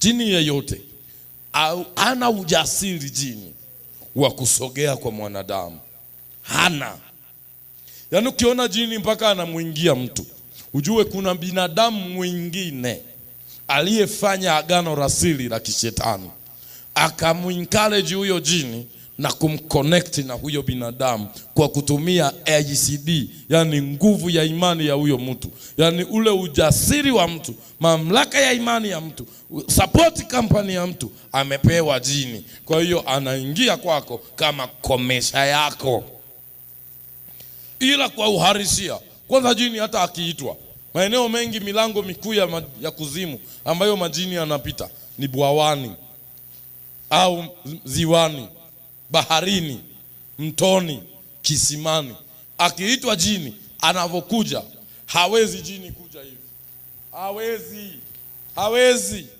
jini yeyote ana ujasiri jini wa kusogea kwa mwanadamu hana. Yaani ukiona jini mpaka anamwingia mtu, ujue kuna binadamu mwingine aliyefanya agano rasili la kishetani akamwinkareji huyo jini na kumconnect na huyo binadamu kwa kutumia acd yani nguvu ya imani ya huyo mtu, yani ule ujasiri wa mtu, mamlaka ya imani ya mtu, support company ya mtu, amepewa jini. Kwa hiyo anaingia kwako kama komesha yako, ila kwa uharisia kwanza. Jini hata akiitwa maeneo mengi, milango mikuu ya, ya kuzimu ambayo majini yanapita ni bwawani au ziwani baharini, mtoni, kisimani. Akiitwa jini, anavyokuja hawezi jini kuja hivi, hawezi, hawezi.